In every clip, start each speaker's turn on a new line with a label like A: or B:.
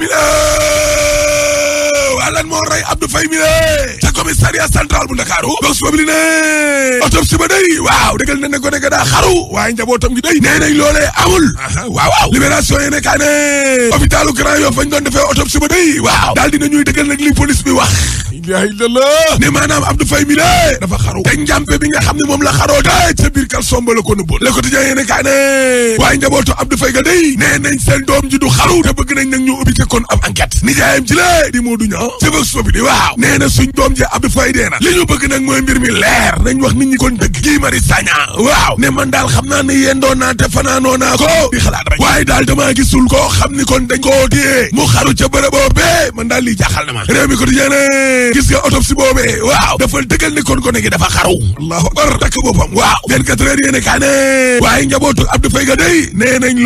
A: 2001 lan moo rey Abdou Faye mi le ca commissariat central bu Ndakaaru box bobli ne autopsie ba day waaw dëggal na ne ko nekk daa xaru waaye njabootam gi day waaw a kaa ne ba day waaw daal dina ñuy dëggal nag li police bi wax ilaha illallah ne maanaam Abdou Faye mi le dafa xaru te njàmpe bi nga xam ne moom la xaroo day ca biir kal somba la ko nëbboon le quotidien yéen a kaa ne waaye njabootu Abdou Faye ga day nee nañ seen doom ji du xaru te bëgg nañ nag ñu ubbi kon ab enquête nijaayam ji la di moo duña ca bag sobi di waaw nee na suñ doom ji Abdou Faye dee na li ñu bëgg nag mooy mbir mi leer nañ wax nit ñi kon dëgg Guy Marius Sagna waaw ne man daal xam naa ne yendoon naa te fanaanoo naa ko di xalaat rek waaye daal damaa gisul koo xam ni kon dañ koo téye mu xaru ca bërëb boobee man daal lii jaaxal na ma réew mi ko di yéene gis nga autopsie boobee waaw dafa dëggal ni kon gone gi dafa xaru allahu akbar takk boppam waaw 24 heures yéene kaa ne waaye njabootu Abdou Faye ga day nee nañ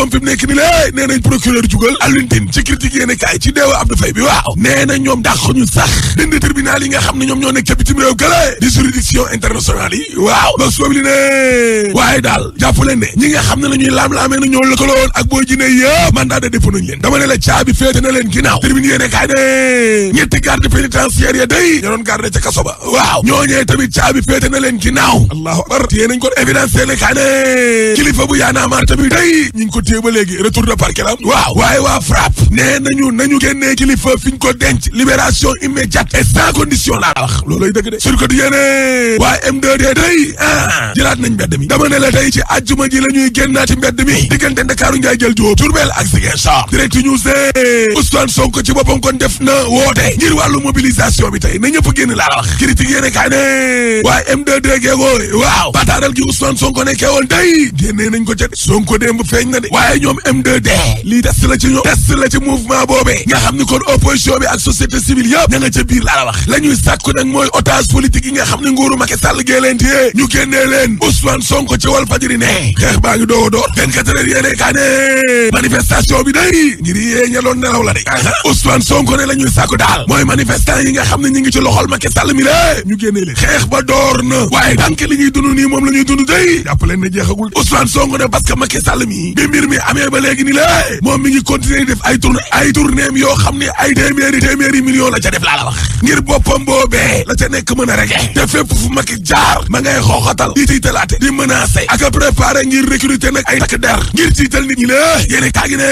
A: boppam fi mu nekk ni lée nee nañ procureur jugal Alioune Tine ci critique yéen kaay ci deew Abdou Faye bi waaw nee na ñoom dàq ñu sax dindi tribunal yi nga xam ne ñoom ñoo nekk ca bitim réew gële di juridiction internationale yi waaw ba soob waaye daal jàpp leen ne ñi nga xam ne la ñuy laam-laamee na ñoo lëkkaloon ak booy jinne yëpp mandat de dépôt leen dama ne la caabi féete na leen ginnaaw tribune yéen kaay ne ñetti garde pénitentiaire ya ko téye ba léegi retour de parquet la waaw waaye waa frappe nee nañu nañu génnee kilifa fi ñu ko denc libération immédiate et sans condition laa wax looloy dëgg de sur ko di yéene waa M2D day ah jëlaat nañ mbedd mi dama ne la tey ci àjjuma ji la ñuy mbedd mi diggante Ndakaaru Njaay jël Jóob Jurbel ak Ziguinchor direct news de Ousmane Sonko ci boppam kon def na woote ngir wàllu mobilisation bi tey na ñëpp génn laa wax critique yéene kaay ne waa M2D geegoo waaw bataaral gi Ousmane Sonko de waaye ñoom M2D lii test la ci ñoom test la ci mouvement boobee nga xam ni kon opposition bi ak société civile yëpp ña ca biir laa la nag mooy otage politique yi nga xam ne nguuru Macky Sall gee leen téye ñu génnee leen Ousmane Sonko ci wal fajiri ne xeex baa ngi dooga door 24 heures yéene kaa ne manifestation bi day ngir yée ña doon nelaw la de Ousmane Sonko ne la ñuy sàkku daal mooy manifestant yi nga xam ne ñu ngi ci loxol Macky Sall mi lée ñu génnee leen xeex ba moom la ñuy dund day jàpp leen ne jeexagul Ousmane Sonko que Macky Sall mbir mi amee ba léegi ni la moom mi ngi continuer def ay tourn ay tournéem yoo xam ne ay téeméeri téeméeri millions la ca def laa la wax ngir boppam boobee la ca nekk mën a rege te fépp fu Macky jaar ma ngay xooxatal di tiitalaate di menacer ak a préparer ngir recruter nag ay takk der ngir jiital nit ñi la yéene kaa gi ne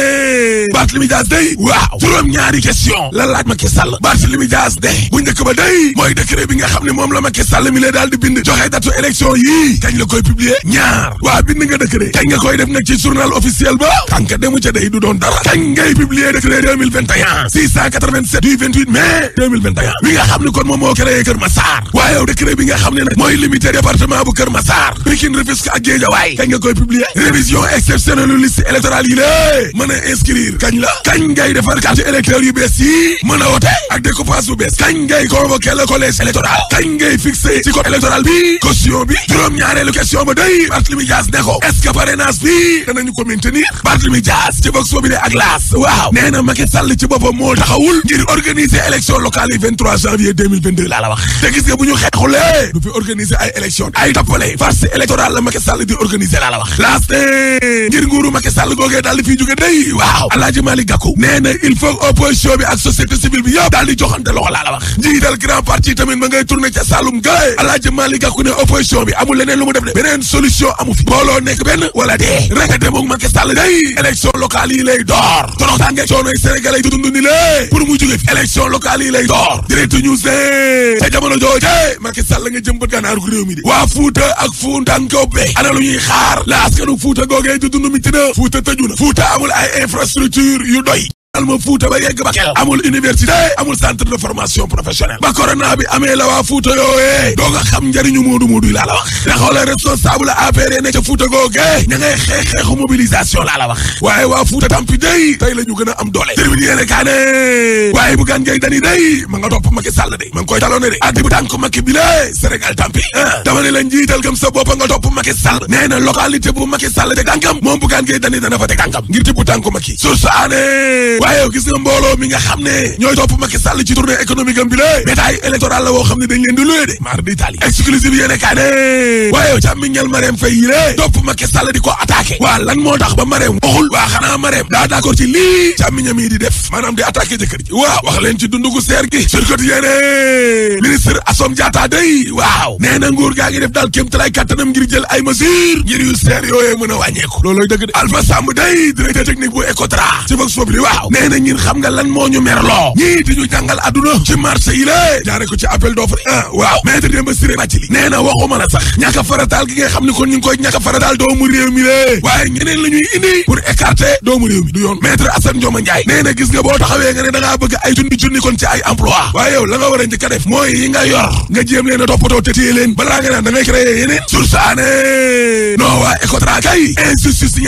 A: Barthélémy Dias day waaw juróom-ñaari question la laaj Macky Sall Barthélémy Dias day bu njëkk ba day mooy décret bi nga xam ne moom la Macky Sall mi lee officiel ba demu ca day du doon dara kañ ngay publier décret 2021 687 du 28 mai 2021 mi nga xam ne kon moom moo créé Kër Massar waaye yow décret bi nga xam ne nag mooy limité département bu Kër Massar Pikine Rufisque ak Guédiawaye kañ nga koy publier révision exceptionnelle liste électorale yi lée mën a inscrire kañ la kañ ngay defar carte électeur yu bees yi mën a wote ak découpage bu bees kañ ngay convoqué le collège électoral kañ ngay fixé retenir Barthélemy Dias ci Vox moo taxawul ngir organiser élection locale yi janvier laa la wax te gis nga bu ñu xeexulee du fi organiser ay élection ay tappale farce électorale la Macky Sall di organiser laa la wax L'As ne ngir nguuru Macky Sall googee daal di fiy jóge day waaw Alaaji Malick Gakou nee il faut opposition bi ak société civile bi yëpp daal di joxante loxo laa la wax njiital grand parti tamit ma ngay tourné ca Saloum gaay Alaaji Malick Gakou ne opposition a demoog Macky Sall day élection locale yi lay door toroxtaange coonoy sénégalais yi dund ni lée pour mu jóge fi élection locale yi lay door direct news ne ca jamono jooje Macky Sall nga jëmbat gànnaaru réew mi di waa Fuuta ak Fuutankope ana lu ñuy xaar la askanu Fuuta googee di dund mi tina Fuuta tëju na Fuuta amul ay infrastructure yu doy yaatal ma fuuta ba yegg ba kel amul université amul centre de formation professionnelle ba corona bi amee la waa fuuta yooyee doo nga xam njëriñu moodu moodu laa la wax ndaxaw a responsable APR ne ca fuuta googee ña xeex xeexu mobilisation laa la wax waaye waa fuuta tampi day tey la gën a am doole jërëjëf yéene kaane waaye bu gaan ngay dani day ma nga topp Macky Sall day ma ngi koy taloone de addi bu tànk Macky bi lay Sénégal tampi ah, dama waaye gis nga mbooloo mi nga xam ne ñooy topp Macky Sall ci tournée économique am bi la la woo xam ne dañ leen di luye de mar d'Italie exclusive yéene kaa waaye càmmi ñel Marème yi lée topp Macky Sall di ko attaqué waa lan moo tax ba Marème waxul waa xanaa Marème daa d'accord ci lii càmmiñam yi di def maanaam di attaqué jëkkër ji wax leen ci dundugu seer gi sur quotidien ministre Assome Diatta day waaw nee nguur gaa ngi def daal kéem a wàññeeku loolooy nee na ñun xam nga lan moo ñu merloo ñii di ñu jàngal adduna ci marché yi lée jaare ko ci appel d'offre ah waaw maître Demba Ciré Bathily nee na waxuma la sax ñàkk a farataal gi nga xam ne kon ñu ngi koy ñàkk a farataal doomu réew mi lée waaye ñeneen la ñuy indi pour écarter doomu gis nga boo taxawee nga ne da bëgg ay junni kon ci ay emploi waaye la nga war a njëkk a def mooy yi nga yor nga jéem leen a te téye leen balaa nga naan da ngay créer yeneen sursaane non waa Ecotra kay injustice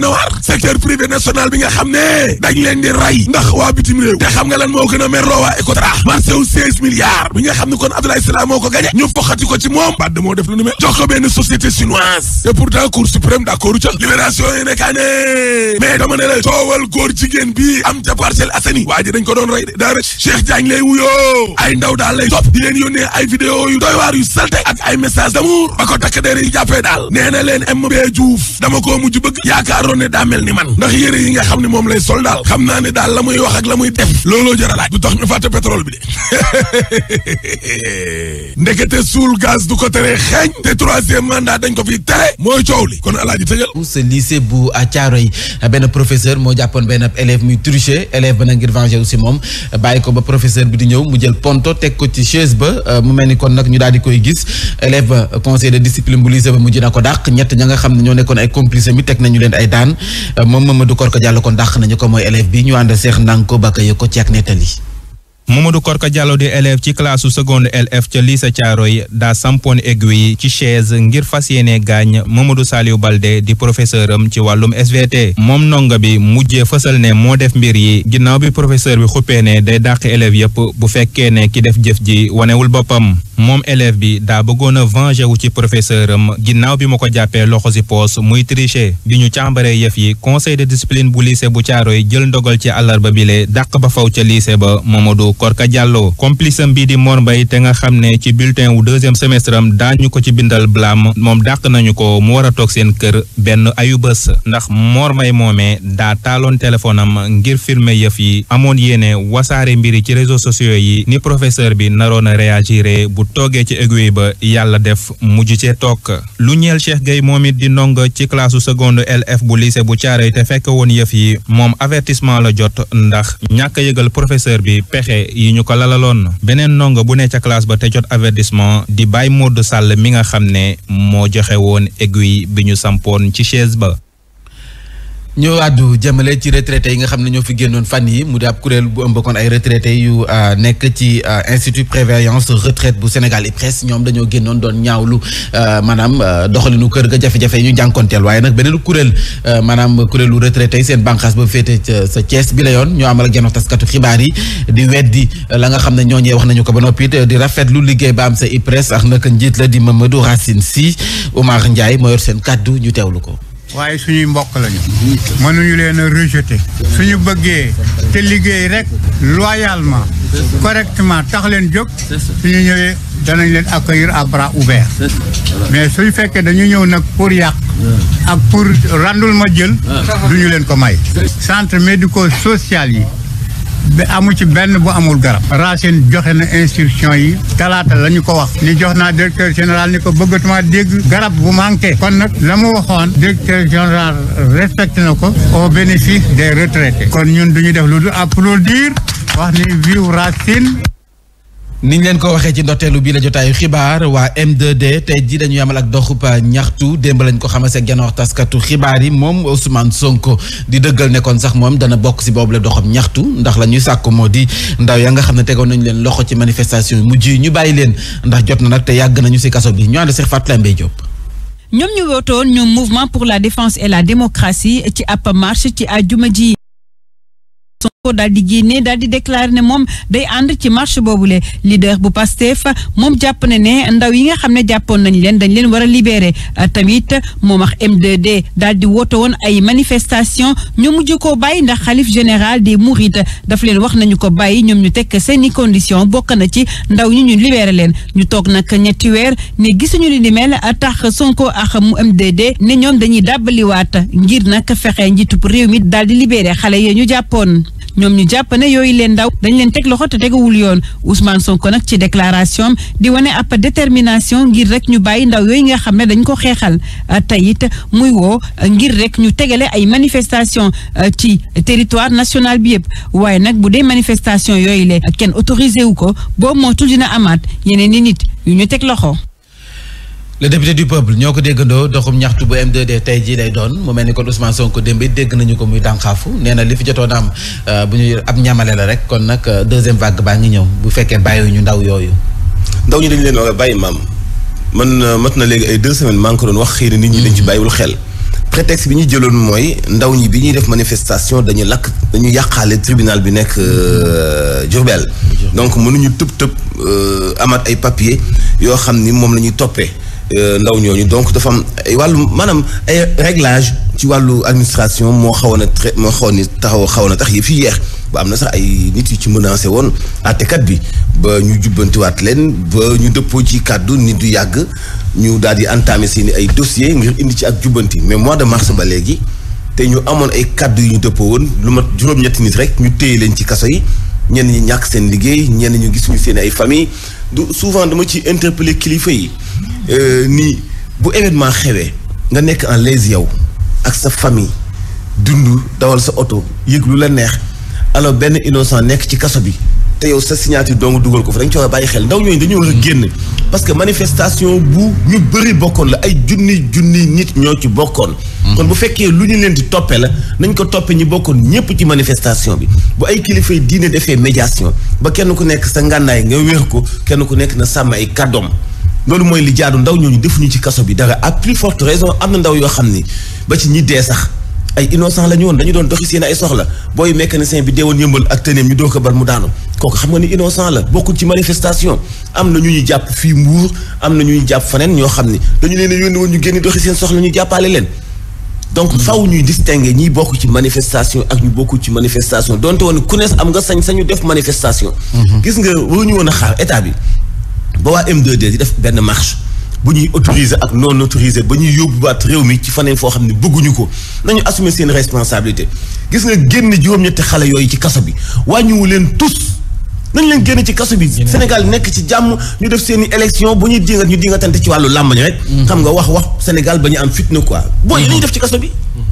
A: doy na waar secteur privé national bi nga xam ne dañ leen di rey ndax waa bitim réew te xam nga lan moo gën a merloo waa Ecotra marché wu bi nga xam ne kon Abdoulaye Sylla ko gañe ñu foxati ko ci moom Wade moo def lu nu jox ko benn société chinoise te pourtant Cour suprême d'accord ca libération yi nekkaane mais dama ne la coowal góor jigéen bi am ca Parcelles Assainies waa dañ ko doon rey de daara Cheikh Diagne lay wuyoo ay ndaw daal lay topp di leen jaaroon ne daa mel ni man ndax yére yi nga xam ne moom lay sol daal xam naa ne daal la muy wax ak la muy def looloo jar a laaj du tax ñu fàtte pétrole bi de ndekete suul gaz du ko tere xeeñ te troisième mandat dañ ko fi tere mooy coow li kon alaaji tëjal
B: sa euh, moo jàppoon muy tricher élève ba nag ngir venger aussi moom bàyyi ko ba professeur bi di ñëw mu jël ponto teg ko ci chaise ba euh, mu mel ni kon nag ñu daal di koy gis élève ba euh, conseil de discipline bu lycée ba mujj na ko dàq ay daan moom ko Korka Diallo kon dàq nañu ko mooy élève bi ñu ànd seex nang ko ba bakka ko
C: ci ak nettali Mamadou Korka Diallo di élève ci classe seconde LF ca lycée yi daa sampoon aiguille ci chaise ngir fas yéene gaañ Mamadou Saliou Balde di professeur am ci wàllum SVT moom ndongo bi mujjee fësal ne moo def mbir yi ginnaaw bi professeur bi xuppee ne day dàq élèves yëpp bu fekkee ne ki def jëf ji wanewul boppam moom élève bi daa bëggoon a venger wu ci professeur am ginnaaw bi ma ko jàppee loxo si poos muy tricher bi ñu càmbaree yëf yi conseil de discipline bu lycée bu Thiaroye jël ndogal ci àllarba bile dàq ba faw ca lycée ba Mamadou Korka Diallo complice am bii di Mor Mbaye te nga xam ne ci bulletin wu deuxième semestre am daañu ko ci bindal blâme moom dàq nañu ko mu war a toog seen kër benn ayu bés ndax Mor Mbaye moomee daa taaloon téléphone am ngir firme yëf yi amoon yéene wasaare mbiri ci réseaux sociaux yi ni professeur bi naroon a réagiré bu toogee ci aiguille ba yàlla def mujj cee toog lu ñeel Cheikh gay moom it di ndong ci classe seconde LF bu lycée bu Thiaroye te fekk woon yëf yi moom avertissement la jot ndax ñàkk yëgal bi pexe yi ñu ko lalaloon beneen ndongo bu ne ca classe ba te jot avertissement di bàyyi Modou Sall mi nga xam ne moo joxe woon aiguille bi ñu sampoon ci chaise ba
B: ñu àddu jëmale ci retraités yi nga xam ne ñoo fi génnoon fan yi mu di ab kuréel bu ëmb kon ay retraités yu euh, nekk ci euh, institut prévoyance retraite bu Sénégal IPRES ñoom dañoo génnoon doon ñaawlu euh, maanaam doxalinu kër ga jafe ñu jànkonteel waaye nag beneen kuréel maanaam kuréelu retraités yi seen bànqaas ba féete ca sa Thiès bi la yoon ñoo amal ak janox taskatu xibaar yi di weddi la nga xam ne ñoo ñooñee wax nañu ko ba noppi di rafetlu liggéey ba am sa IPRES ak naka njiit la di Mamadou Racine Sy Omar Ndiaye moo yor seen kàddu ñu teewlu ko
D: waaye suñuy mbokk lañu mënuñu leen a rejeter suñu bëggee te liggéey rek loyalement correctement tax leen jóg suñu ñëwee danañ leen accueillir à bras ouverts mais suñu fekkee dañu ñëw nag pour yàq ak pour randul ma jël ah. duñu leen ko may centre médico social yi amu ci benn bu amul garab racine joxe na instruction yi talaata la ñu ko wax ni jox naa directeur général ni ko bëggatuma dégg garab bu manqué kon nag la mu waxoon directeur général respecté
B: na ko au bénéfice des retraités kon ñun duñu def lu dul applaudir wax ni vive racine niñ leen ko waxee ci ndorteelu bii la jotaayu xibaar waa M2D tey jii dañuy amal ak doxub euh, ñaxtu démb lañ ko xamase genoox yi moom Ousmane Sonko di dëggal sax moom dana bokk si boobu la doxam ñaxtu ndax la ñuy sàkku moo di ya nga xam ne tegoon nañu leen loxo ci manifestation mujj yi ñu bàyyi leen ndax jot na nag te yàgg nañu si kaso bi ñu ànd Cheikh Fatou Lambe Diop
E: ñoom ñu wootoon ñu mouvement pour la défense et la démocratie ci ab marche ci àjjuma ji ko daal di génne daal di déclaré ne moom day ànd ci marche boobule leader bu fa moom jàpp na ne ndaw yi nga xam ne jàppoon nañu leen dañu leen war a tamit moom ax m 2 daal di woote woon ay manifestation ñu mujj ko bàyyi ndax xalif général des Mourides daf leen wax nañu ko bàyyi ñoom ñu tekk seeni condition bokk na ci ndaw ñi ñu libéré leen ñu toog nag ñetti weer ne gisuñu li ni mel tax Sonko ak mu m d ne ñoom dañuy dàbbaliwaat ngir nag fexe njiitub réew mi daal di libéré xale yee ñu jàppoon ñoom ñu jàpp ne yooyu leen ndaw dañu leen teg loxo te tegawul yoon Ousmane ko nag ci déclaration di wane ab détermination ngir rek ñu bàyyi ndaw yooyu nga xam ne dañ ko xeexal ah, tey it muy woo ah, ngir rek ñu tegale ay manifestation ah, ci territoire national bi yëpp waaye nag bu dee manifestation yooyu le kenn autorisé wu ko boobu mootul dina amaat yeneen i nit yu ñu teg loxo.
B: le député du peuple ñoo ko déggandoo doxum ñaxtu bu m tey jii lay doon mu mel ni kon Ousmane Sonko démb dégg nañu ko muy dànqaafu nee na li fi jotoon am euh, bu ñu ab ñamale la rek kon nag euh, deuxième vague baa ngi ñëw bu fekkee bàyyi ñu ndaw yooyu. ndaw ñu dañ leen wax bàyyi maam man euh, mat na léegi ay deux semaines maa ngi ko doon wax xëy na nit ñi dañ ci mhm. bàyyiwul bi ñu jëloon mooy ndaw ñi bi ñuy def manifestation dañu lakk dañu yàqaale tribunal bi nekk Diourbel donc mënuñu tëb tëb amaat ay papier yoo xam ni moom la ñuy toppee. Euh, ndaw ñooñu donc dafa ay wàllu maanaam ay réglage ci wàllu administration moo xawoon a très moo xawoon ni taxaw xawoon a tax yi fi yeex ba am na sax ay nit yu ci menacé woon àttekat bi ba ñu jubbantiwaat leen ba ñu dëppoo ci kàddu nit du yàgg ñu daal di entamé seeni ay dossier ngir indi ci ak jubbanti mais mois de mars ba léegi te ñu amoon ay kàddu yu ñu dëppoo woon lu mat juróom-ñetti nit rek ñu téye leen ci kaso yi ñenn ñi ñàkk seen liggéey ñenn ñu gisuñu seen ay famille du souvent dama ci interpeller kilifa yi euh, nii bu événement xewee nga nekk en l'aise yow ak sa famille dundu dawal sa oto yëg lu la neex alors benn innocent nekk ci kaso bi te yow sa signature dong dugal ko fa dañ ci war bàyyi xel ndaw ñooñu dañoo war a génn parce que bu ñu bëri bokkoon la ay junni junni nit ñoo ci bokkoon kon bu fekkee lu ñu leen di toppee la nañ ko toppee ñi bokkoon ñëpp ci manifestation bi bu ay kilifay diine defee médiation ba kenn ku nekk sa ngànnaay nga wéer ko kenn ku nekk na sàmm ay kàddoom loolu mooy li jaadu ndaw ñooñu defuñu ci kaso bi dara ak plus forte raison am na ndaw yoo xam ni ba ci ñi dee sax ay innocent la ñu woon dañu doon doxi seen ay soxla booy mécanicien bi dee woon yëmbal ak tëneem ñu doo ko bal mu daanu kooku xam nga ni innocent la bokkul ci manifestation am na ñu ñu jàpp fii Mbuur am na ñu jàpp faneen ñoo xam ni dañu leen a yónni woon ñu génn doxi seen soxla ñu jàppale leen donc faw ñuy distinguer ñiy bokk ci manifestation ak ñu bokkul ci manifestation donte woon ku ne am nga sañ sañu def manifestation mhm. gis nga waruñu woon a xaar état bi ba waa m 2 di def benn marche bu ñuy autoriser ak non autoriser ba ñuy yóbbuwaat réew mi ci faneen foo xam ne bëgguñu ko nañu assumé seen responsabilité gis nga génn juróom-ñetti xale yooyu ci kaso bi wàññiwu leen tous nañ leen génn ci kaso bi Sénégal nekk ci jàmm ñu def seen i bu ñuy dinga ñu dinga tante ci wàllu làmbañ mm-hmm. xam nga wax wax Sénégal ba ñu am fitna quoi booy mm-hmm. nañu def ci kaso bi mm-hmm.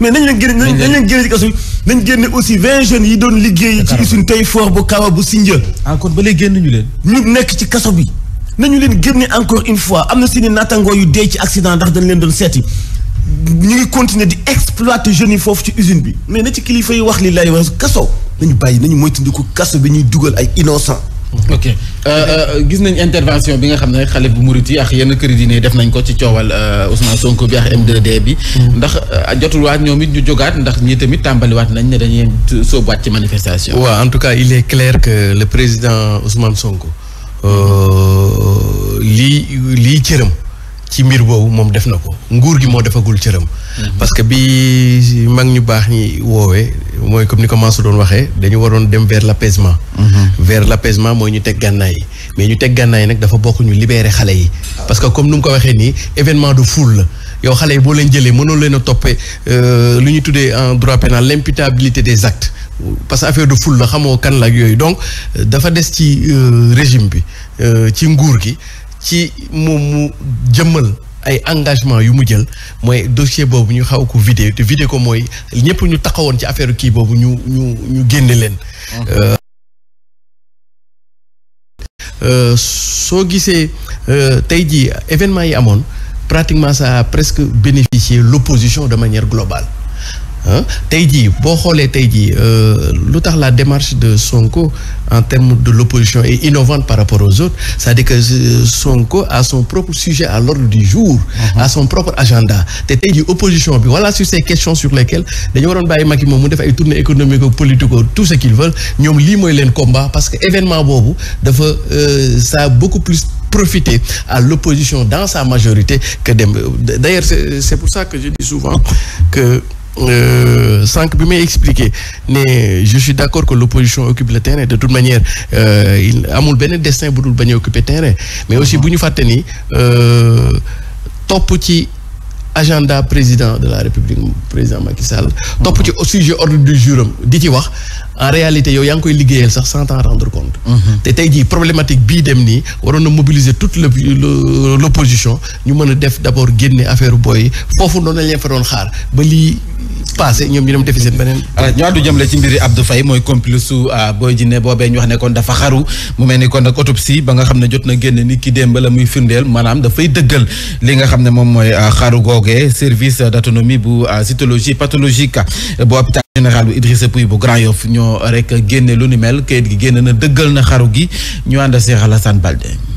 B: mais nañ leen génne nañ leen génne kaso bi nañ génne aussi vingt jeunes yi doon liggéey ci usine tey foor bu kawa bu Sindia ah kon ba léegi génn ñu leen ñu nekk ci kaso bi nañu leen génne encore une fois am na seeni nattangoo yu dee ci accident ndax dañ leen doon seeti ñu ngi continuer di exploiter jeunes yi foofu ci usine bi mais na ci kilifa yi wax li lay wax kaso nañu bàyyi nañu moytandiku kaso bi ñuy dugal ay innocent ok euh, euh, gis nañ intervention bi nga xam ne xale bu murit yi ak yenn kër diine def nañ ko ci coowal euh, Ousmane Sonko bi ak M2D bi. Mm-hmm. ndax jotul waat ñoom it ñu jogaat ndax ñii tamit tàmbaliwaat nañ ne dañuy sóobuwaat ci manifestation.
F: waaw en tout cas il est que le président Ousmane Sonko. Euh, lii lii cëram ci mbir boobu moom def na ko nguur gi moo defagul cëram. Mhm. parce que bi mag ñu baax ñi woowee mooy comme ni ko doon waxee dañu waroon dem vers l' apaisement. Mhm. vers l' apaisement mooy ñu teg gànnaay yi mais ñu teg gànnaay yi nag dafa bokkuñu ñu xale yi. parce que comme nu mu ko waxee nii événement de foule la. yow xale yi boo leen jëlee mënoo leen a toppee euh, lu ñu tuddee en droit pénal l' imputabilité des actes. parce que affaire de ful la xamoo kan la yooyu donc euh, dafa des ci euh, régime bi euh, ci nguur gi ci moom mu jëmmal ay engagement yu mu jël mooy dossier boobu ñu xaw ko vidé te vidé ko mooy ñëpp ñu taxawoon ci affaire kii boobu ñu ñu ñu génne leen. soo gisee tey jii événement yi amoon pratiquement ça a presque bénéficié l'opposition de manière globale. tey jii boo xoolee tey jii euh, lu tax la démarche de Sonko en termes de l'opposition est innovante par rapport aux autres cest dire que euh, Sonko a son propre sujet à l'ordre du jour mm son propre agenda te tey jii opposition bi wala sur ces questions sur lesquelles dañu waroon bàyyi Macky moom mu def ay tournées économiques politico tout ce qu'ils veulent ñoom lii mooy leen combat parce que événement boobu dafa euh, ça a beaucoup plus profiter à l'opposition dans sa majorité que dem d'ailleurs c'est ça que je dis que Euh, sànq bi may expliquer ne je suis d'accord que l'opposition occupe le terrain de toute manière euh, amul benn destin bu dul bañ a occuper terrain mais aussi bu ñu fàtte ni euh, topp ci agenda président de la république président Macky Sall. topp ci sujet ordre du jour am di ci wax en réalité yaa ngi koy liggéeyal sax cent t'en rendre compte. Mhm. te tey jii problématique bii dem ni waroon na mobiliser toute le l' opposition ñu mën a def d' abord génne affaire booy foofu noonu la ñu fa doon xaar ba lii.
B: passé ñoom ñu dem defi seen beneen. alors ñu àddu jëmle ci mbiri Abdou Faye mooy complice su euh, Boy Djiné boobee ñu wax ne kon dafa xaru mu mel ni kon nag autopsie ba nga xam ne jot na génn nit ki démb la muy firndeel maanaam dafay dëggal li nga xam ne moom mooy euh, xaru googee service d'autonomie bu euh, cytologie pathologique bu hôpital général bu a Pouye bu Grand Yoff ñoo rek génne lu ni mel kayit gi génn na dëggal na xaru gi ñu ànd Cheikh Alassane Balde.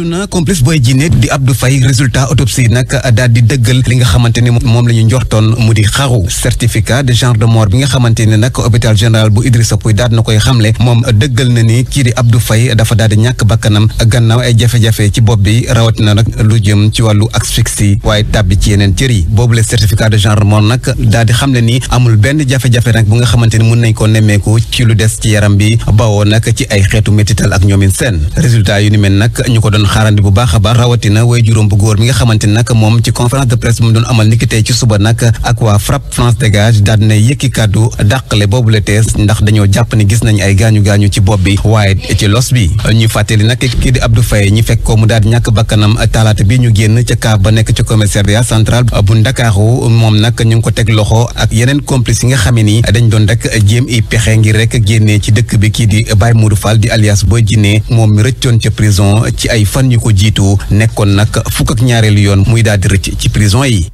B: àdduna complice booy jinne di
D: Abdou Faye résultat autopsie nag daal di dëggal li nga xamante ne moom la ñu njortoon mu di xaru certificat de genre de mort bi nga xamante ne nag hôpital général bu Idrissa Pouye daal na koy xamle moom dëggal na ni kii di Abdou Faye dafa daal di ñàkk bakkanam gannaaw ay jafe-jafe ci bopp bi rawatina nag lu jëm ci wàllu asphyxie waaye tàbbi ci yeneen cër yi boobule certificat de genre mort nag daal di xamle ni amul benn jafe-jafe nag bu nga xamante ne mën nañ ko nemmeeku ci lu des ci yaram bi bawoo nag ci ay xeetu métital ak ñoomin seen résultat yu ni mel nag ñu ko doon xaarandi bu baax a baax rawatina way juróom bu góor mi nga xamante ni nag moom ci conférence de presse mu doon amal niki tey ci suba nag ak waa FRAPP France Dégage daal dina yëkki kàddu dàqale boobu la tees ndax dañoo jàpp ni gis nañ ay gaañu gaañu ci bopp bi waaye ci los bi ñu fàttali nag kii di Abdou Faye ñi fekk ko mu daal di ñàkk bakkanam talaata bi ñu génn ca kaab ba nekk ci commissariat central bu Ndakaaru moom nag ñu ngi ko teg loxo ak yeneen yi nga xamee ni dañ doon rek jéem pexe ngir rek génnee ci dëkk bi kii di Baye Modou Fall di alias Boy Djiné moom mi rëccoon ca prison ci ay fan yu ko jiitu nekkoon nag fukk ak ñaareelu yoon muy daal di rëcc ci prison yi.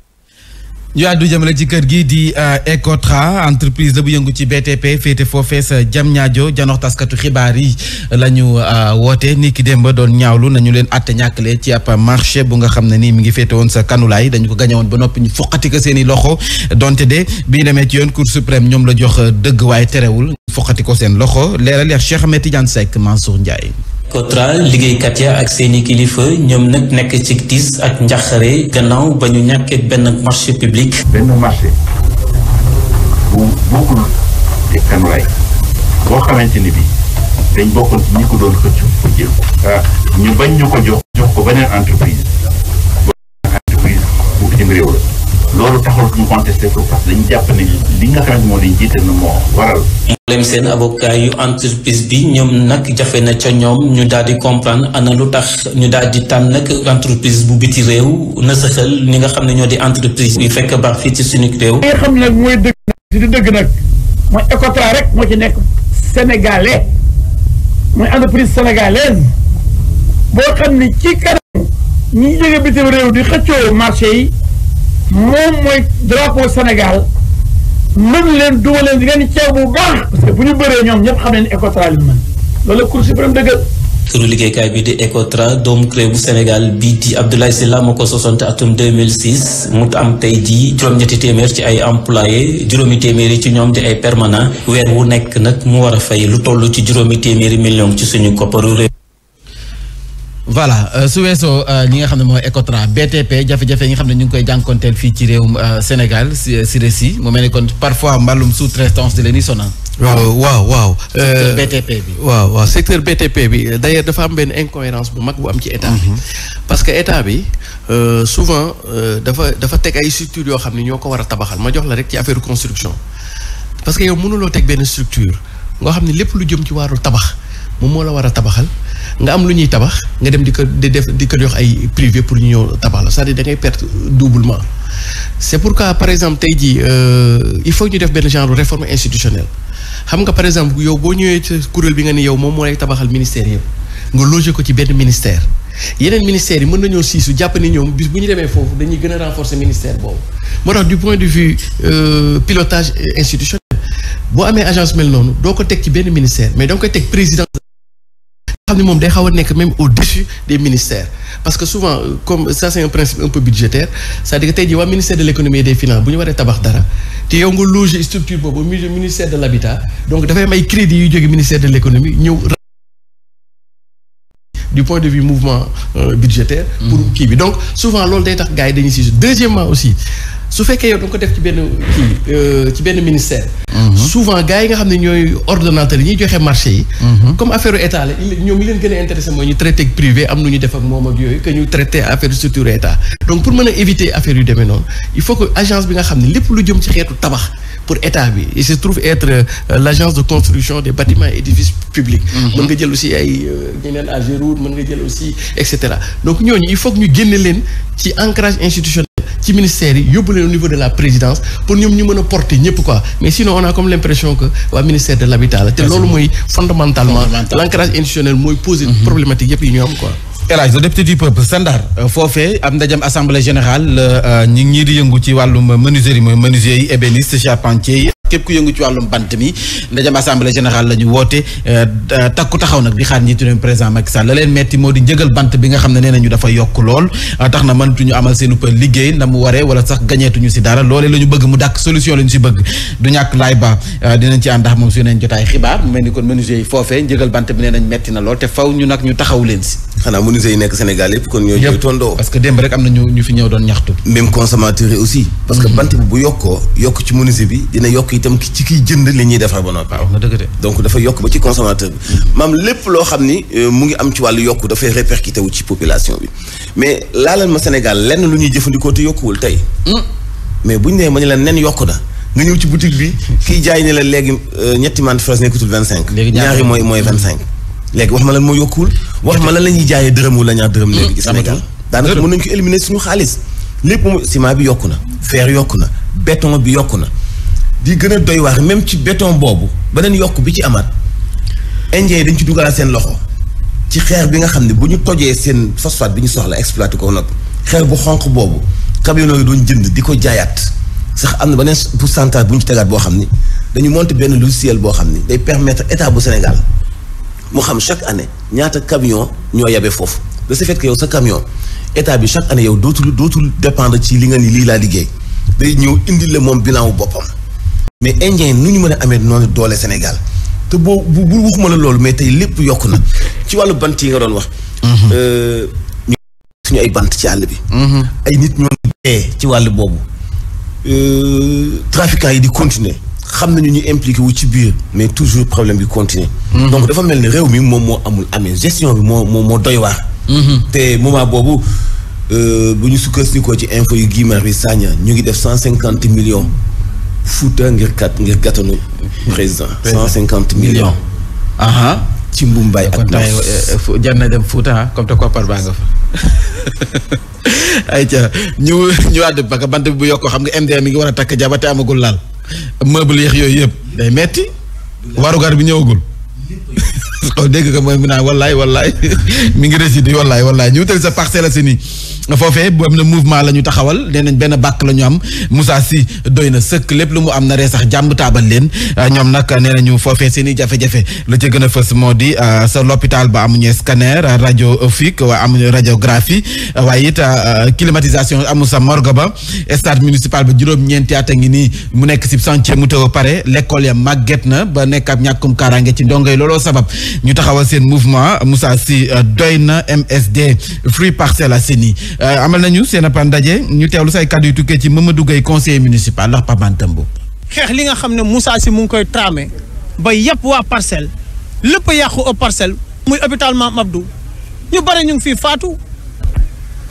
B: ñu àddu jëmale ci kër gi di euh, Ecotra entreprise bu yëngu ci BTP féete foofee sa jam ñaajo janox taskatu xibaar yi la ñu euh, woote ni ki démb doon ñaawlu nañu leen àtte ñàkkale ci ab marché bu nga xam ne ni mi ngi féete woon sa kanulaay dañu ko gañe ba noppi ñu foqati ko seen i loxo donte de bi ñu demee ci yoon cour suprême ñoom la jox euh, dëgg waaye terewul foqati ko seen loxo leeral ak Cheikh Ahmed Tidiane Seck Mansour Ndiaye
C: cotra liggéeykat ya ak seeni kilifa ñoom nag nekk ci tiis ak njaxare gannaaw ba ñu ñàkkee benn marché public. benn marché
G: bu bokkul ci kanulaay boo xamante ni bii dañ bokku ci ñi ko doon xëcc pour jël ah, ñu bañ ñu ko jox ko beneen entreprise
E: boo
C: entreprise réew la. loolu taxul ñu contesté ko parce que jàpp ne li nga xamante moo leen jiite na moo waral. problème seen avocat yu entreprise bi ñoom
B: nag jafe na ca ñoom ñu daal di comprendre ana lu tax ñu daal di tànn nag entreprise bu biti réew na saxal ni nga xam ne ñoo di entreprise yu fekk baax fii ci suñu réew. li xam nag mooy dëgg si du dëgg nag mooy Ecotra rek moo ci nekk sénégalais mooy entreprise sénégalaise boo xam ne ci kanam ñi jóge bitim réew di xëccoo marché yi. moom mooy drapeau Sénégal
A: mën leen duma leen di ngeen ceew bu baax parce bu ñu bëree ñoom ñëpp xam ne écotra li mën loolu la Cour suprême dëggal
B: këru liggéeykaay bi di Ecotra doomu CREI bu Sénégal bii di Abdoulaye Sylla moo ko sosante atum 2006 mu am tey jii juróom-ñetti téeméer ci ay employé juróomi téeméeri ci ñoom di ay permanent weer wu nekk nag mu war a fay lu toll ci juróomi téeméeri million ci suñu kopparu voilà euh, su weesoo ñi euh, nga xam ne mooy Ecotra BTP jafe-jafe yi nga xam ne ñu ngi koy jànkonteel fii ci réew euh, Sénégal si si moo mel ni kon parfois mbàllum sous-traitance di leen waaw waaw
F: waaw. secteur BTP bi. waaw waaw secteur BTP bi d'ailleurs dafa am benn incohérence bu mag bu am ci état bi. Mhm. parce que état bi souvent dafa dafa teg ay structures yoo xam ne ñoo ko war a tabaxal ma jox la rek ci affaire construction parce que yow mënuloo teg benn structure nga xam ne lépp lu jëm ci wàllu tabax. moom moo la war a tabaxal nga am lu ñuy tabax nga dem di ko def di ko jox ay privé pour ñu ñëw tabax la c'est-à-dire da ngay perte doublement c'est pourquoi par exemple tey jii euh, il faut ñu def benn genre réforme institutionnelle xam nga par exemple yow boo ñëwee ci kuréel bi nga ne yow moom moo lay tabaxal ministère yëpp nga loger ko ci benn ministère yeneen ministères yi mën nañoo siisu jàpp ni ñoom bis bu ñu demee foofu dañuy gën a renforcer ministère boobu moo tax du point euh, pilotage institutionnel boo amee agence noonu doo ko teg ci benn ministère mais danga koy teg président xam ni moom day xaw a nekk même au-dessus des ministères parce que souvent comme ça c'est un principe un peu tey jii waa ministère de l'économie et des finances bu ñu waree tabax dara te yow nga loger structure boobu au ministère de l'habitat donc dafay am ay crédits yuy jóge ministère de l'économie ñëw du point de vue mouvement euh, budgétaire pour mm-hmm. kii bi donc souvent loolu day tax gars yi dañuy si deuxièmement aussi su fekkee yow da nga ko def ci benn kii euh, benn ministère. Mhm. souvent gars yi nga xam ne ñooy ordonnateurs yi ñuy joxe marché yi. Mhm. comme affaire état la ñoom li leen gën a intéressé mooy ñu traité ak am nu ñu def ak moom ak yooyu que ñu traité affaire structure état donc pour mën a éviter affaire yu demee noonu il faut que agence bi nga xam ne lépp lu jëm ci xeetu tabax pour état bi il se trouve être euh, l' de construction des bâtiments et édifices publics. Mhm. mën nga jël aussi ay euh, ñeneen Agéroute mën nga jël aussi et cetera donc ñooñu il ñu génne leen ci ancrage institutionnel. ci ministère yi yóbbu leen au niveau de la présidence pour ñoom ñu mën a porter ñëpp quoi mais sinon on comme l'impression que waa ministère de l'habitat la te loolu mooy fondamentalement l'ancrage
B: institutionnel mooy poser mhm. problématique yëpp yi ñu am quoi El Hadj le du peuple Sandar euh, foofee am ndajam assemblée générale euh, euh, ñi ngi di yëngu ci wàllum menuisier yi mooy menuisier yi ébéniste charpentier yi képp ku yëngu ci wàllum bant mi ndajam assemblée général la ñu woote euh, euh, takku taxaw nag di xaar njiitu réew président Macky la leen metti moo di njëgal bant bi nga xam ne nee nañu dafa yokk lool euh, tax na mënatuñu amal seen upa liggéey na mu waree wala sax gañeetuñu si dara loolee la ñu bëgg mu dàkk solution la ñu si bëgg du ñàkk laay ba dinañ ci àndax moom su neen jotaay xibaar mu mel ni kon menuisier yi foofee njëgal bant bi nee nañ metti na lool te faw ñu nag ñu taxaw leen si xanaa menuisier yi nekk Sénégal yëpp kon ñoo ñooy tondoo parce que démb rek am na ñu ñu fi ñëw doon ñaxtu. même consommateur yi aussi. parce que mhm. bant bi bu yokkoo yokk ci menuisier bi dina yokk itam ci kiy jënd li ñuy defar ba noppi. waaw na dëgg de. donc dafa yokk ba ci consommateur bi. maam lépp loo xam ni euh, mu ngi am ci wàllu yokk dafay répercuté wu ci population bi mais laalal ma Sénégal lenn lu ñuy jëfandikoo te yokkuwul tey. Hmm. mais bu ñu nee ma ñu la nen yokk na. nga ñëw ci boutique bi kiy jaay ne la léegi euh, ñetti mante fras nekkatul vingt cinq. mooy mooy vingt léegi wax ma lan moo yokkuwul wax ma la ñuy jaayee dërëm wala ñaar dërëm léegi. Hmm, Sénégal daanaka mën nañu ko éliminer suñu xaalis. lépp moom ciment bi yokk na. feer yokku na béton bi yokku na. di gën a doy waar même ci beton boobu beneen yokk bi ci amaat. Indien yi dañ ci dugalal seen loxo. ci xeer bi nga xam ne bu ñu tojee seen phosphate bi ñu soxla exploité ko noppi. xeer bu xonq boobu. camion yi doon jënd di ko jaayaat. sax am na beneen pourcentage bu buñu ci tegaat boo xam ni dañu monter benn logiciel boo xam ni day permettre état bu Sénégal mu xam chaque année ñaata camion ñoo yabe foofu de ce fait yow sa camion état bi chaque année yow dootul dootul dépendre ci li nga ni lii laa liggéey day ñëw indi la moom bilan wu boppam. mais indien ni ñu mën a amee noonu doole Sénégal te boo bu bu waxuma la loolu mais tey lépp yokk na ci wàllu bant yi nga doon wax. Mhm. Euh, ñu suñu ay bant ci àll bi. Mhm. ay nit ñoo dee ci wàll boobu. Euh, trafiquants yi di continuer. xam nañu ñu impliqué wu ci biir mais toujours problème bi continuer mhm. donc dafa mel ni réew mi moom moo amul amee gestion bi moo moo moo doy waar mhm. te moment boobu euh, bu ñu sukkandikoo ci info yu Guy Marius Sagna ñu ngi def cent cinquante millions Fouta ngir kat ngir gàttanu président cent cinquante millions aha ci mbumbaay ak naaf euh, jar na dem Fouta ah, comme te koppar baa nga fa ay ca ñu ñu àdd parce que bant bi bu yokk xam nga MDR mi ngi war a takk jaba amagul laal meuble yeex yooyu yëpp day metti warugar bi ñëwagul xaw dégg ko mooy mu naan wallaay wallaay mi ngi résidé wallaay wallaay ñu wutal sa Parcelles Assainies foofee bu am na mouvement la ñu taxawal nee nañ benn bàkk la ñu am Moussa Sy doy na sëkk lépp lu mu am na ree sax jàmm taabal leen ah, ñoom nag nee nañu foofee seen i jafe-jafe la ca gën a fës moo di ah, sa l'hôpital ba amuñu scanner ah, radiographique waa amuñu radiographie waaye it climatisation amu sa morgue ba stade municipal ba juróom-ñeenti at a ngi nii mu nekk si chantier mu pare l'école ya màgget na ba nekk ab ñàkkum kaaraange ci ndongo looloo sabab ñu taxawal seen mouvement Moussa si euh, doy na MSD Free Parcelles Assainies euh, amal nañu seen ab ndaje ñu teewlu say kàddu yu tukkee ci Mamadou Gueye conseiller municipal ndax Pabantambo. xeex li nga xam ne Moussa si mu ngi koy tramé ba yëpp waa parcelle lépp yàqu au parcelle muy hôpital Mame Abdou ñu bare ñu ngi fii faatu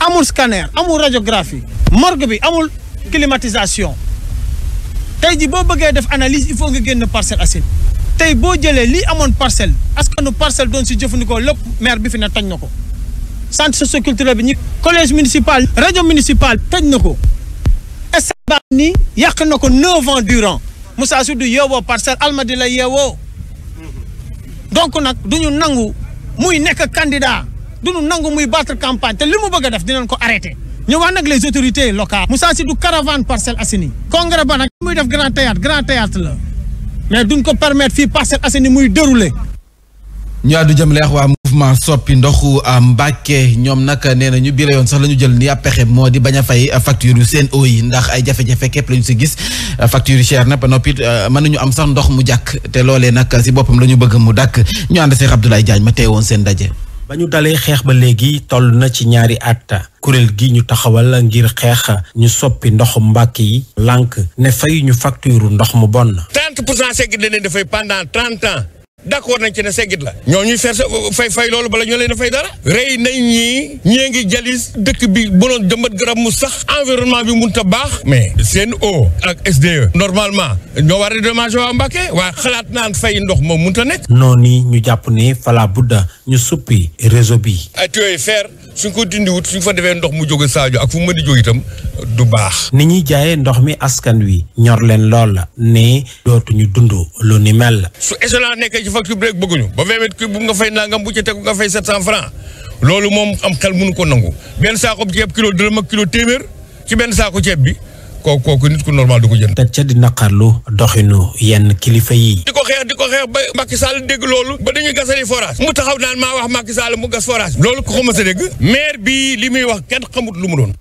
B: amul scanner amul radiographie morgue bi amul climatisation tey ji boo bëggee def analyse il faut nga génn Parcelles Assainies tey boo jëlee lii amoon parcelle askanu parcelle doon si jëfandikoo lépp maire bi fi na tañ na ko centre socioculturel bi ñu collège municipal rajo municipal tañ na ko estabaa ni yàq na ko neuf ans durant Moussa Soudou yeewoo parcelle Almadi la yeewoo donc nag du ñu nangu muy nekk candidat du ñu nangu muy battre campagne te li mu bëgg a def dinañ ko arrêté ñu wax nag les autorités locales Moussa Soudou caravane Parcelles Assainies congrès ba nag muy def grand théâtre grand la mais duñ ko permettre fii Parcelles Assainies muy dérouler. ñu àddu jëm leex waa mouvement soppi ndoxu am Mbàkke ñoom nag nee na ñu bi yoon sax la ñu jël ni ab pexe moo di bañ a fay facture yu seen eau yi ndax ay jafe-jafe képp la ñu si gis facture yu cher na ba noppi euh, mën nañu am sax ndox mu jàkk te loolee nag si boppam lañu bëgg mu dàkk ñu ànd see Abdoulaye Diagne ma woon seen ndaje ba ñu dalee xeex ba léegi toll na ci ñaari at kuréel gi ñu taxawal ngir xeex ñu soppi ndoxu mbàkk yi lank ne fay ñu facture ndox mu bon.
F: 30 pour cent segg danañ dafay pendant 30 ans. d'accord nañ ci ne seggit la ñoo ñuy faire fay fay loolu bala ñoo leen a fay dara rey nañ ñii ñee ngi jalis dëkk bi mënoon
G: jëmbat garab mu sax environnement bi mun ta baax mais CNO ak SDE normalement ñoo war a dédommagé waa Mbàkke waaye xalaat naan fay ndox moom mun ta nekk
B: noonu ñu jàpp ni fala budda ñu suppi réseau bi ay tuyaux fer suñ ko dindi wut suñ fa defee ndox mu jóge Sadio ak fu mu mën di jóge itam du baax ni ñuy jaayee ndox mi askan wi ñor leen lool ne dootuñu dund lu ni mel facture bi rek bëgguñu ba 20 mètres cube bu nga fay nangam bu ci tegu nga fay 700 francs loolu moom am xel mënu ko nangu benn saako ceeb kilo dërëm ak kilo téeméer ci benn saako ceeb bi kooku kooku nit ku normal du ko jënd. teg ca di naqarlu doxinu yenn kilifa yi. di ko xeex di ko xeex ba Macky Sall dégg loolu ba dañuy gasali forage
H: mu taxaw naan maa wax Macky Sall mu gas
B: forage loolu ko xamante dégg maire bi li muy wax kenn xamut lu mu doon.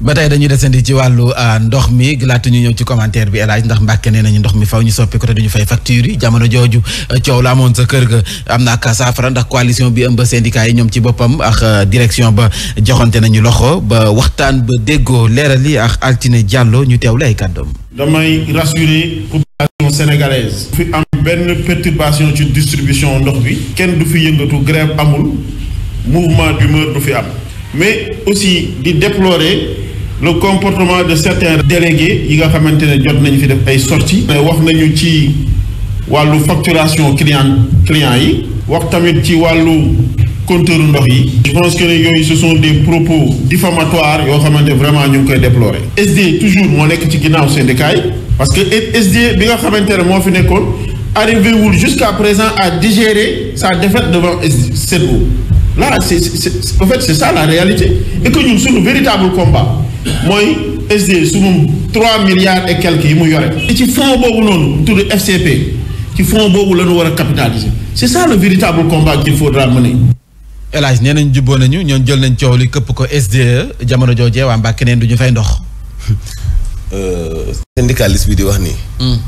B: ba tey dañuy desandi ci wàllu euh, ndox mi laata ñu ñëw ci commentaire bi El Hadj ndax Mbàkke nee nañu ndox mi faw ñu soppi ko te duñu fay facture yi jamono jooju euh, coow la amoon sa kër ga am na ak saafara ndax coalition bi ëmb syndicat yi ñoom ci boppam ak euh, direction ba joxante nañu loxo ba waxtaan ba déggoo leeral yi ak Altine Diallo ñu teew ay kàddoom. damay rassurer population sénégalaise. fi am benn perturbation ci distribution ndox bi. kenn du fi yëngatu grève amul mouvement d'humeur du fi am. mais aussi di déplorer le comportement de certains délégués yi nga xamante ne jot nañu fi def ay sorties euh, wax nañu ci wàllu facturation client client yi wax tamit ci wàllu compteur ndox yi je pense que ne yooyu ce sont des propos diffamatoires yoo xamante vraiment ñu ngi koy déplorer SDE toujours moo nekk ci ginnaaw syndicat yi parce que SDE bi nga xamante ne moo fi nekkoon arrivé wul jusqu'à présent à digérer sa défaite devant SED'EAU là c'est en fait c'est ça la réalité et que suñu véritable combat mooy SDE suñu trois milliards et quelques yi mu yore et ci fonds boobu noonu tudd FCP ci fonds boobu la ñu war a capitaliser c'est ça le véritable combat qu'il faudra mener. El Hadj nee nañ jubboo nañu ñoo jël nañ coow li këpp ko SDE jamono joojee waa Mbàkke neen du ñu fay ndox. Euh, syndicaliste bi di wax nii. Hmm.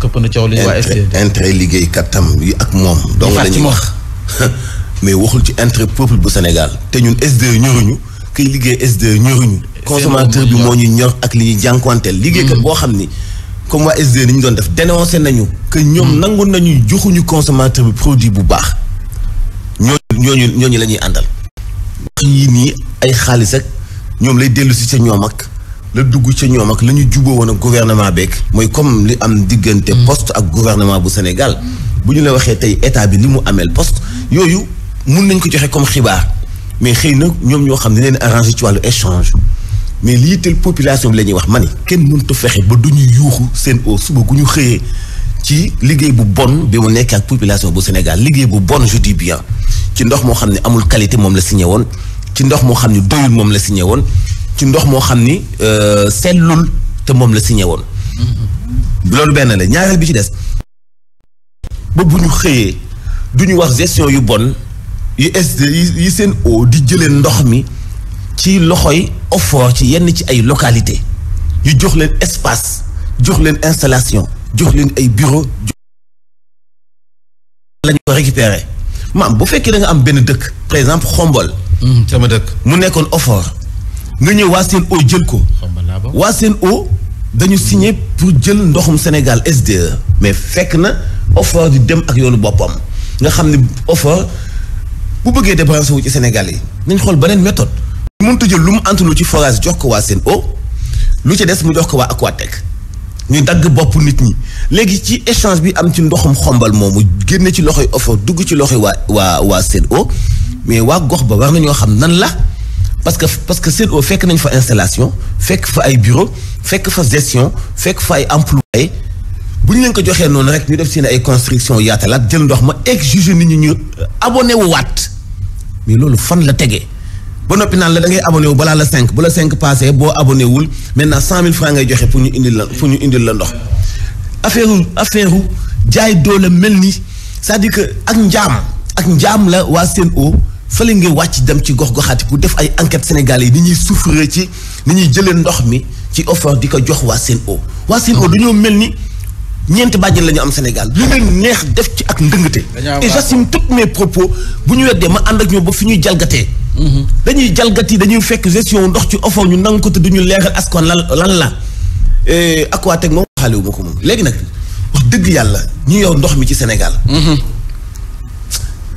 B: këpp na coow li waa SDE. intérêt liggéeykatam yi ak moom. dong wax mais waxul ci intérêt peuple bu Sénégal te ñun SDE ñoruñu kiy liggéey SDE ñoruñu consommateur bi moo ñu ñor ak li ñuy liggéey liggéeykat mm. boo xam ni comme waa SDE ni ñu doon def dénoncé nañu que ñoom mm. nangu nañu joxuñu consommateur bi produit bu baax ñooñu ñooñu ñooñu la ñuy àndal wax yii nii ay xaalis ñoom lay dellu si ca ñoom ak la dugg ca ñoom ak la ñu juboo woon ak gouvernement beeg mooy comme li am diggante mm. poste ak gouvernement bu Sénégal bu ñu la waxee tey état bi li mu ameel poste yooyu mun nañ ko joxe comme xibaar mais xëy na ñoom ñoo xam ne leen arrangé ci wàllu échange mais li teel population bi la ñuy wax ma kenn mënut fexe ba du ñuy yuuxu seen au suba gu ñu xëyee ci liggéey bu bon bi mu nekk ak population bu Sénégal liggéey bu bon je dis bien ci ndox moo xam ne amul qualité moom la si woon ci ndox moo xam ne doyul moom la signé woon ci ndox moo xam ni euh, sellul te moom la si signé woon. loolu benn la ñaareel bi ci des. ba bu ñu xëyee du ñu wax gestion yu bon. USD yi seen o di jëlee ndox mi ci loxoy OFOR ci yenn ci ay localité yu jox leen espace jox leen installation jox leen ay bureau lañu ko récupérer maam bu fekkee da nga am benn dëkk par exemple xombol hmm, sama dëkk mu nekkoon OFOR nga ñëw waa seen eau jël ko waa seen o dañu signé pour jël ndoxum Sénégal SDE mais fekk na OFOR di dem ak yoonu boppam nga xam ne OFOR bu bëggee débranché wu ci Sénégal yi nañ xool beneen méthode. mënut a lu mu antalu ci forage jox ko waa Sen'Eau lu ci des mu jox ko waa Aquatec ñu dagg bopp nit ñi léegi ci échange bi am ci ndoxum xombal moomu génne ci loxo yi Ofor dugg ci loxoy waa waa waa o mais waa gox ba war nañoo xam nan la parce que parce que Sen'Eau fekk nañ fa installation fekk fa ay bureau fekk fa gestion fekk fa ay employé bu ñu leen ko joxee noonu rek ñu def seen ay construction yaatalaat jël ndox ma exiger nit ñi ñu abonné wu mais loolu fan la tegee ba noppi naan la da ngay abonné wu balaa la cinq bu la cinq passé boo abonné wul maintenant cent mille francs ngay joxe pour ñu indil la pour ñu la ndox affaire affaire jaay doole mel ni cest di que ak njaam ak njaam la waa Sen'Eau fële nga wàcc dem ci gox-goxaati pour def ay enquête sénégal yi ni ñuy souffrir ci ni ñuy jëlee ndox mi ci offre di ko jox waa Sen'Eau waa Sen'Eau dañoo mel ni ñeenti bàjjen la ñu am Sénégal lu leen neex def ci ak ndëngate et j'assume tous mes propos bu ñu weddee ma ànd ak ñoom ba fi ñuy jalgatee mhm. dañuy jalgati dañuy fekk gestion ndox ci offo ñu nangu ko te duñu leeral askan lan lan la Aquatech moom xaaliwu ma ko moom léegi nag wax dëgg yàlla ñu yow ndox mi ci Sénégal mhm.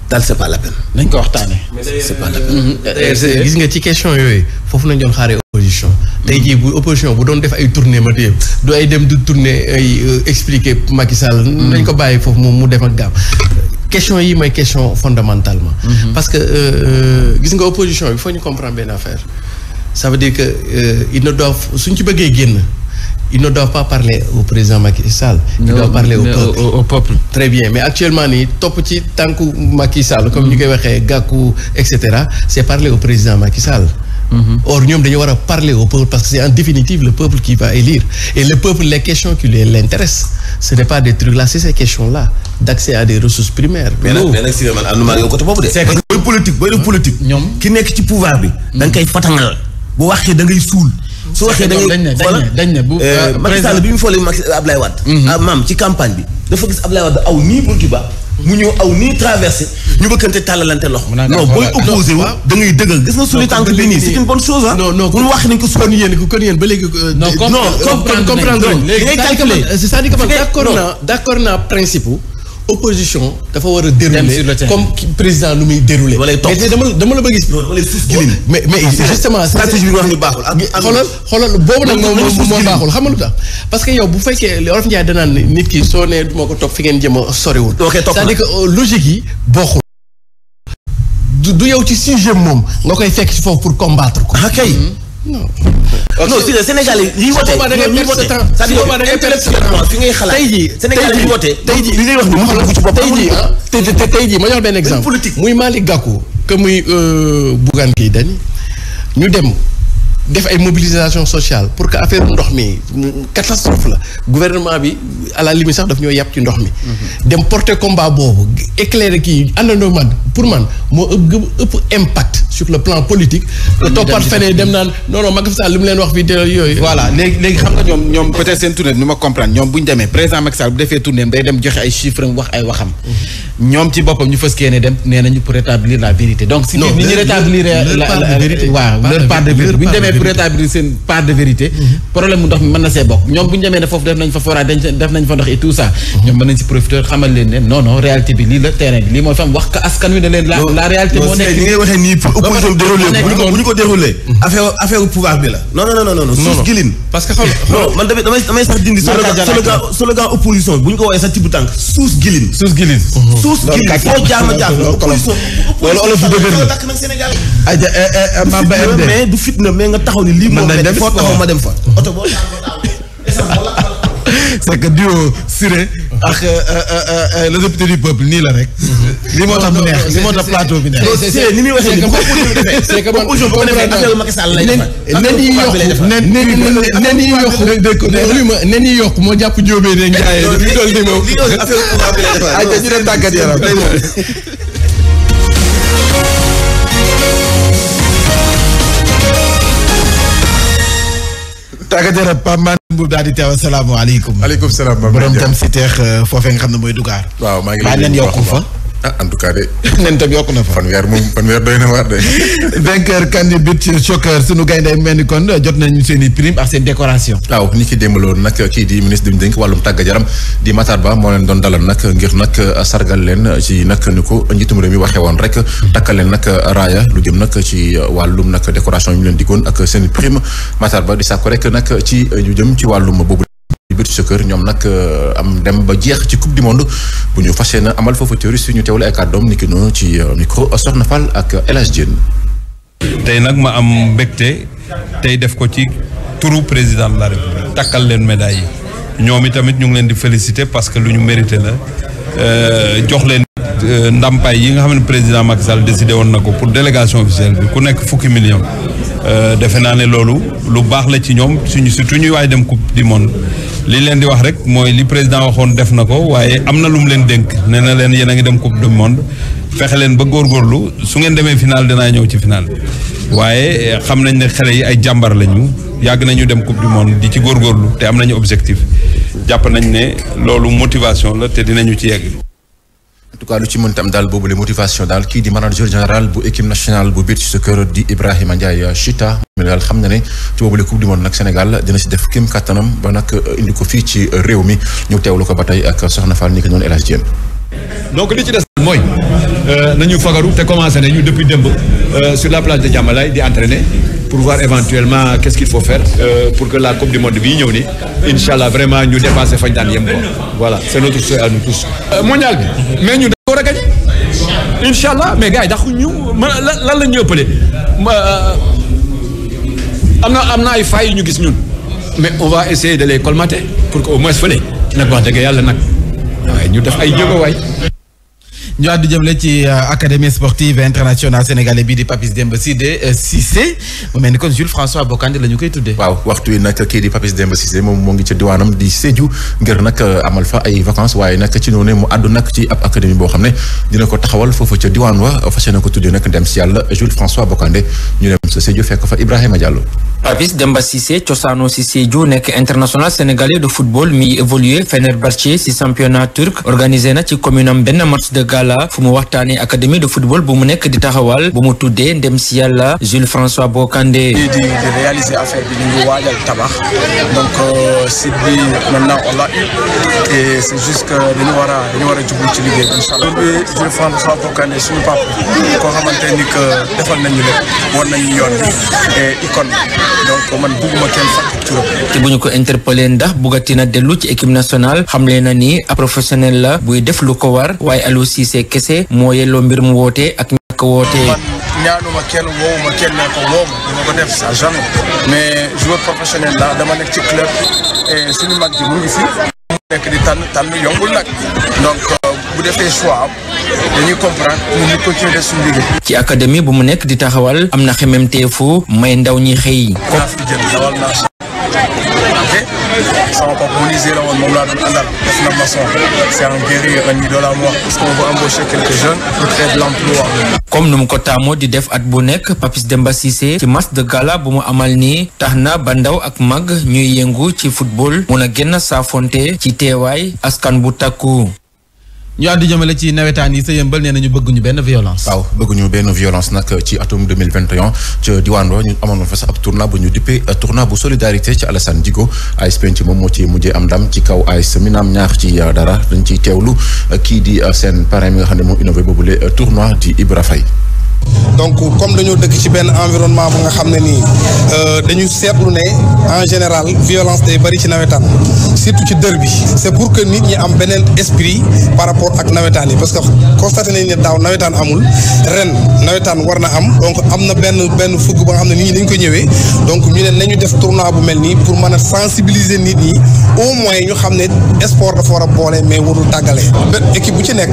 B: daal c'est pas ko waxtaanee. Euh, euh, c'est gis nga ci question yooyu
C: foofu
F: nañ doon xaaree opposition. tey jii bu opposition bu doon def ay tournée ma téye du ay dem du tournée ay euh, expliquer Macky Sall. nañ ko bàyyi foofu moom mu dem ak gaaw. question yi may question fondamentalement. Mhm. parce que gis nga opposition yi foo ñu comprendre benn affaire. ça veut dire que ils ne doivent suñ ci bëggee génn. ils ne doivent pas parler au président Macky Sall. ils doivent parler au peuple au peuple. très bien mais actuellement nii topp ci tànku Macky comme ñu koy waxee gàkku et cetera c' est parler au président Macky mm-hmm. or ñoom dañu war a parler au peuple parce que c' est en définitive le peuple qui va élire et le peuple les questions qui les l'intéressent ce n'est pas des trucs là c' ces questions là d' à des ressources primaires. mais nag booy
B: politique booy ñoom ki nekk ci pouvoir bi. da nga koy fatangal bu waxee da su waxee da ngay voilà dañ ne bu euh, euh, Macky Sall bi mu foolee Macky Ablaye Wade mhm. ah, maam ci campagne bi dafa gis Ablaye Wade aw nii buntu ba mu ñëw aw nii traversé ñu bëkkante tàllalante loxo non booy opposé wu da ngay na suñu tànk bi nii c'est une bonne chose ah non
F: non nañ ko su kon yéen ko ba léegi euh, non comprendre léegi calculer c'est-à-dire que man d'accord naa d'accord opposition dafa war a dérouler comme président lu muy dérouler mais dama dama la bëgg gis mais mais ah, justement stratégie bi wax ni baaxul xoolal xoolal boobu nag moom moo baaxul xam parce que yow bu fekkee Wolof Njaay danaan nit ki soo nee du ma ko topp fi ngeen jëm a soriwul c'est-à-dire que euh, logique yi bokkul du yow ci sujet moom nga koy fekk ci foofu pour combattre ko ah, non.
B: non si le Sénégal yi woote. ñoom ñi woote c'est-à-dire intellectuellement xalaat. tey jii Sénégal yi woote. tey jii li wax nii moom ci boppam. tey jii ah
F: te te tey jii ma jox benn exemple. politique muy Malick Gakou que muy euh, ñu dem. def ay mobilisation sociale pour que affaire ndox mi catastrophe la gouvernement bi à la limite sax daf ñoo yàpp ci ndox mi. dem porter combat boobu éclairer kii àndandoo man pour man moo ëpp impact sur le plan politique. que toppat feneen dem naan
B: non non Macky mu leen wax fii de yooyu. voilà léegi xam nga ñoom ñoom seen tournée nu ma comprendre ñoom bu ñu demee président Macky Sall bu defee tournée day dem joxe ay chiffres wax ay waxam. ñoom ci boppam ñu fës ne dem lépp rétablir seen part de vérité problème mu ndox mi na see bokk ñoom bu ñu ne foofu def nañ fa forage def nañ fa ndox et tout ça ñoom mën nañ si profiter xamal leen ne non réalité bi lii la terrain lii mooy fam wax ka askan wi ne leen la la réalité moo nekk nii bu ñu ko déroulé affaire affaire pouvoir bi la non non non non parce que xam non damay sax dindi slogan opposition bu ñu ko woowee sax ci tànk suuf gilin suuf taxaw ni lii moom metti foo taxaw ma dem fa oto boo c'est que duo Siré ak le député du peuple nii la rek. lii moo tax mu neex lii moo tax plateau bi neex. Siré ni muy waxee nii c'est que man opposition bu defee affaire Macky Sall lay def. nen yi yokku
F: nen yi yokku nen yi yokku moo jàpp Ndiobé
A: de Ndiaye. li ñu doon nii moom affaire bi lay def. ay ñu dem tàggat yaram.
B: tàggat yaram Pape Mane Mbour daal di teew asalaamaaleykum. maaleykum salaam borom tam si teex euh, foofee nga xam ne mooy Dugar.
G: waaw maa ngi leen ah en tout cas de. nen tam yokk na fa. fanweer moom fanweer doy na waar de. vainqueur Kandi Beach sunu gaynde mel ni kon jot nañu seen i prime ak seen décoration. waaw ni ki démb loolu nag kii di ministre bi ñu dénk wàllum tàggat yaram di Matar Ba moo leen doon dalal nag ngir nag sargal leen ci nag ni ko njiitum réew mi waxee woon rek takkal leen nag raaya lu jëm nag ci wàllum nag décoration yi ñu leen digoon ak seen prime Matar Ba di sàkku rek nag ci lu jëm ci wàllum boobu. biir soccer ñoom nag euh, am dem ba jeex ci coupe du monde bu ñu fas yéene amal foofu théorie suñu teewlu ay kàddoom niki noonu ci euh, micro Soxna Fall ak El Hadj
C: tey nag ma am mbégte tey def ko ci turu président de la république takkal leen médaille yi ñoom itamit ñu ngi leen di féliciter parce que lu ñu mérité la euh, jox leen Euh, ndàmpaay yi nga xam ne président Macky Sall décidé woon na ko pour délégation officielle bi ku nekk fukki million euh, defe naa ne loolu lu baax la ci ñoom suñu surtout ñuy waaye dem coupe du monde li leen di wax rek mooy li président waxoon def na ko waaye am na lu mu leen dénk nee na leen yéen a ngi dem coupe du monde fexe leen ba góor góorgóorlu su ngeen demee final dinaa ñëw ci final waaye euh, xam nañ ne xale yi ay jàmbar lañu yàgg nañu dem coupe du monde di ci góorgóorlu te am nañu objectif jàpp nañ ne loolu motivation la te dinañu ci yegg. en tout cas lu ci mënti am daal boobu les motivations
G: daal kii di manager général bu équipe nationale bu biir ci sa kër di Ibrahima Ndiaye euh, Chita moom xam na ne ci boobu la coupe du monde nag Sénégal dina si def kéem kattanam ba nag euh, indi ko fii ci euh, réew mi ñu teewlu ko ba tey ak na Fall ni ko noonu
C: El mooy euh,
G: nañu fagaru te commencé ñu depuis démb euh, sur la plage de Diamalaye di entraîner pour voir éventuellement qu'est-ce qu'il faut faire euh, pour que la coupe du monde bii ñëw ni incha allah vraiment ñu dépasser fañ daan yem quoi voilà c'est notre souhait à nous tous. mondial bi mais ñu dañoo war a mais gars yi ñu man lan la ñu ëppale am na am na ay failles yu ñu gis ñun mais on va essayer pour que au moins fële dëgg yàlla nag ñu def ay jéego waay.
B: ñu àddu jëmle ci euh, académie sportive internationale sénégalais bii di Papis Demba Cissé euh, Cissé mu
G: moom moo ngi ca diwaanam di Sédhiou ngir nag euh, amal fa ay vacances waaye nag ci noonu mu àddu nag ci ab académie boo xam ne dina ko taxawal foofu ca diwaan wa fas yéene ko tuddee nag dem si yàlla Jules François Bocandé ñu dem sa Sédhiou fekk fa Ibrahima Diallo.
H: Papis Demba Cissé cosaanoo si Sédhiou nekk international sénégalais de football mi évolué Fenerbahçe ci commune Salah fu mu waxtaanee académie de football bu mu nekk di taxawal bu mu tuddee ndem si yàlla Jules François Bocandé. di di
A: di
B: réaliser affaire bi ñu ngi waajal tabax donc euh, site bi maintenant on l'a a
G: dañu a jublu ci liggéey bi incha allah. loolu bi ni defal nañu lépp war nañu yoon bi
B: donc bugguma kenn fàtte turam.
H: te ko interpellé ndax bugatina dellu ci équipe nationale xamle na ni professionnel la buy def lu ko war waaye Aliou kese kese moo yelloo mbir mu woote ak ñàkk wootee
B: ñaanuma kenn woowuma kenn ne ko wooma dama ko nekk ci club et suñu mag mu nekk di nag donc euh, bu defee choix dañuy comprendre ñun
H: ñu ci académie bu mu nekk di taxawal am na xememteefu may ndaw ñi xëy. sama papa comme nu ko taamoo di def at bu nekk Papis Demba ci match de gala bu mu amal nii tax na ba ndaw ak mag ñuy yëngu ci football mun a génn saafonte ci teewaay askan bu takku
B: ñu àddu jëmale ci nawetaan yi sa yëmbal nee nañu bëgguñu benn
G: violence waaw bëgguñu benn violence nag ci atum 2021 ca diwaan wa ñu amoon fa sax ab tournoi bu ñu dippee euh, tournoi bu solidarité ci Alassane Djigo AS Penc moom moo ci mujjee am ndam ci kaw AS Minam ñaax ci euh, dara dañ ciy teewlu euh, kii di seen parrain mi nga xam ne moo innové boobule tournoi di Ibra Faye
B: donc comme dañoo dëkk ci benn environnement bu nga xam ne nii euh, dañu seetlu ne en général violence day bari ci nawetaan surtout ci dër bi c'est pour que nit ñi am beneen esprit par rapport ak nawetaan yi parce que constaté nañ ne daaw nawetaan amul ren nawetaan war na am donc am na benn benn fukk ba nga xam ne nit ñi dañ ko ñëwee donc ñu ne nañu def tournoi bu mel nii pour mën a sensibiliser nit ñi au moins ñu xam ne sport dafa war a boole mais warul tàggale. bépp équipe ci nekk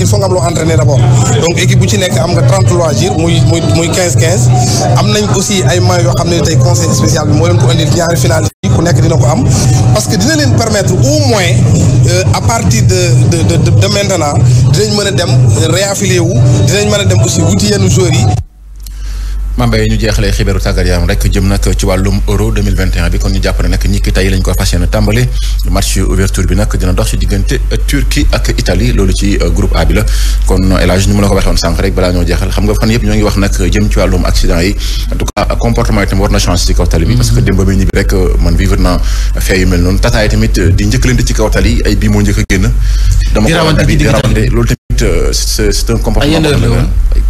B: il faut nga am loo entraîner d' abord donc équipe bu ci nekk am nga 30 loisirs muy muy muy 15 am nañ aussi ay moyens yoo xam ne tey conseil spécial bi moo leen ko indil ñaari final yi ku nekk dina ko am parce que dina leen permettre au moins euh, à partir de de de de
G: maintenant dinañ mën a dem réaffilier wu dinañ mën a dem aussi wuti yenn joueurs yi. mambay ñu jeexalee xibaaru tàggat rek jëm nag ci wàllum euro 2021 bi kon ñu jàpp ne nag ki tey lañ ko fas yéene tàmbale match ouverture bi nag dina dox ci diggante Turquie ak Italie loolu ci groupe A kon El Hadj ñu mën a ko waxoon sànq rek balaa ñoo jeexal xam nga fan yëpp ñoo ngi wax nag jëm ci wàllum accident yi en tout cas comportement yi tamit war na changer ci kaw tali bi parce que mhm. démb bi rek man tamit c'est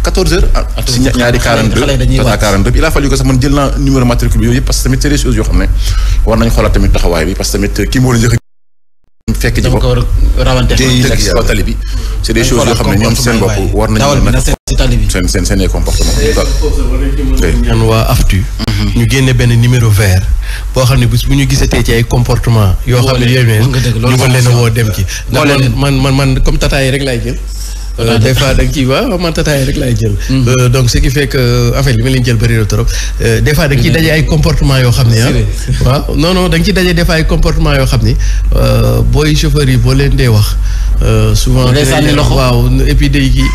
G: quatorze heures ah, si ñaari quarante deux tata quarante deux il a fallu que sax man jël naa numéro matricule yooyu yëpp parce que tamit c'est des yoo xam ne war nañ xoolaat tamit taxawaay bi parce que tamit euh, kii moo la njëkk fekk ji ko ko tali bi c'est des choses yoo xam ne ñoom seen bopp war nañu a seen seen seen comportement
F: ñaan waa aftu mhm. ñu génne benn numéro vert boo xam ne bis bu ñu gisatee ci ay comportement yoo xam ne yéen ñu mën leen a woo dem ci ndax man man man comme tataay rek laay jël Euh, des fois da nga ciy waaw man tataay rek laay jël. Mm-hmm. Euh, donc ce qui fait que en li ma leen jël bëri trop. Euh, des fois da nga ciy daje ay comportement yoo xam ne ah. waaw non non da nga ciy daje des fois ay comportement yoo xam ni booy chauffeur yi boo leen dee wax. souvent waaw et puis day kii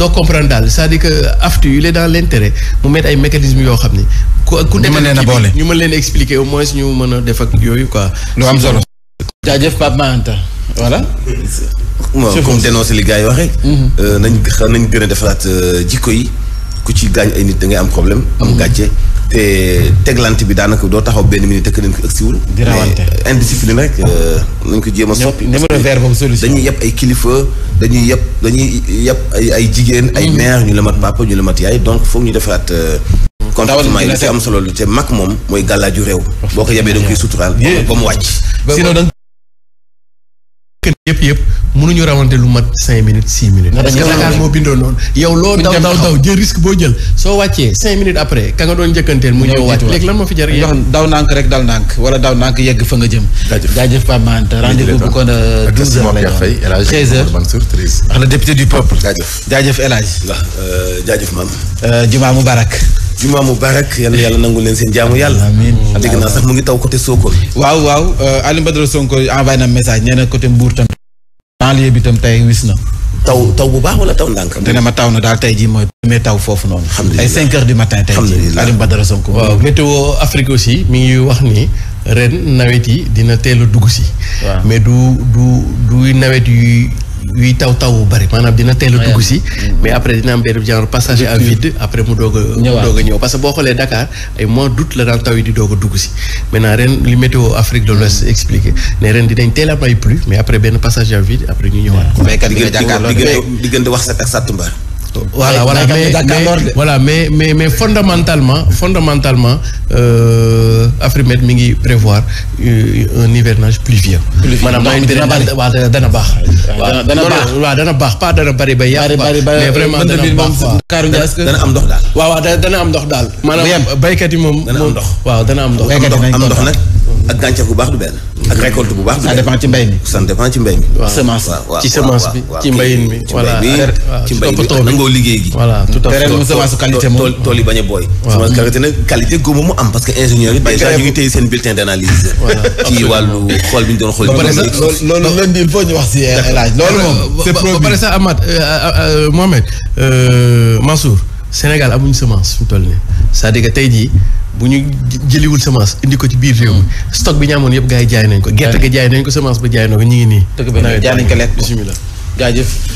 F: doo comprendre daal cest à que aftu yu leen daal l'intérêt mu mettre ay mécanismes yoo xam ni. ku ku demee leen a boole ñu mën leen expliquer au moins ñu mën a def yooyu quoi. lu am solo.
B: waaw comme dénoncé li gars yi waxee. Mhm. Euh, nañ xa nañ gën defaraat euh, jikko yi ku ci gaañ ay nit da ngay am problème. am mhm. gàcce te teglante bi daanaka doo taxaw benn minute te keneen ko ëgsiwul. di rawante euh, indiscipline rek. nañ ko jéem a soppi. numéro vert boobu solution dañuy yëpp ay kilifa dañuy yëpp dañuy yëpp ay ay jigéen. ay mère mhm. ñu la mat papa ñu la yaay donc foog ñu defaraat. comportement yi am solo lu te mag moom mooy gàllaaju réew. boo ko yabee da nga koy suturaal. ba mu wàcc.
F: sinon yëpp yëpp mënuñu rawante lu mat cinq minutes six minutes. parce que Dakar moo bindoo
B: noonu. yow loo daw daw
F: jël risque boo jël
B: soo wàccee cinq minutes après ka nga doon njëkkanteel mu ñëw wàcc léegi daw nànk rek dal nànk wala daw nànk yegg fa nga jëm. jaajëf Pape Manta rendez bu kon euh, douze heures la ñu treize heures wax na député du peuple. jaajëf jaajëf El Hadj. Euh, jaajëf maam. Euh, Jumaa Mubarak. Juma Mubarak yal nangu leen seen jaamu yàlla. amiin dégg naa sax mu ngi taw côté Sokone. waaw waaw Alioune Badara banlieue bi tam tey wis na. taw taw bu baax wala taw ndànk. dina ma taw na daal tey jii mooy premier taw foofu noonu. ay cinq heures du matin tey jii Alioune Badara Sonko. waaw
F: météo Afrique aussi mi ngi wax ni ren nawet yi dina teel a dugg si. mais du du du nawet yuy yuy taw taw bu bari maanaam dina teel a dugg si ah, mm. mais après dina am benn genre passage à vide après mu doog a mu doog a ñëw parce que boo xoolee Dakar ay mois d'août la daan taw yi di doog a dugg si maintenant ren li météo Afrique de l'Ouest mm. expliqué ne ren dinañ teel a am ay pluie mais après benn passage à vide après ñu ñëwaat.
B: mais kat diggante wax set ak
F: voilà voilà mais, mais voilà mais mais mais fondamentalement fondamentalement euh, Afrimed mi ngi prévoir un hivernage pluvieux. maanaam dina baax waaw dana baax. waaw dana baax waaw dana baax pas dana bari ba yàqu. mais vraiment dana baax waaw dana am ndox daal. waaw
B: waaw dana am ndox daal. maanaam baykat yi moom dana am ndox waaw dana am ndox. am ndox nag. ak gàncax bu baax du benn. ak récolte bu baax du benn. ci mbay mi. ça dépend ci mbay mi. semence ci semence bi ci mbayin bi. voilà ci mbay bi nangoo liggéey gi. voilà tout à fait semence qualité moom yi bañ a booy. semence qualité nag qualité googu mu am parce que ingénieur yi déjà ñu ngi téye seen bulletin d' analyse. ci wàllu xool bi ñu doon xool. ba pare sax loolu loolu il faut ñu wax si El loolu moom
F: ba pare sax Amath euh, euh, euh, Mohamed Mansour. Sénégal amuñ semence fu mu toll nii cest à tey jii bu ñu jëliwul semence indi ko ci biir réew mi hmm. stock bi ñu amoon yëpp gars jaay nañ ko gerte gi jaay nañ ko semence ba jaay na ko ñu ngi nii. nawet bi jaay nañ ko lekk bisimilah jaajëf.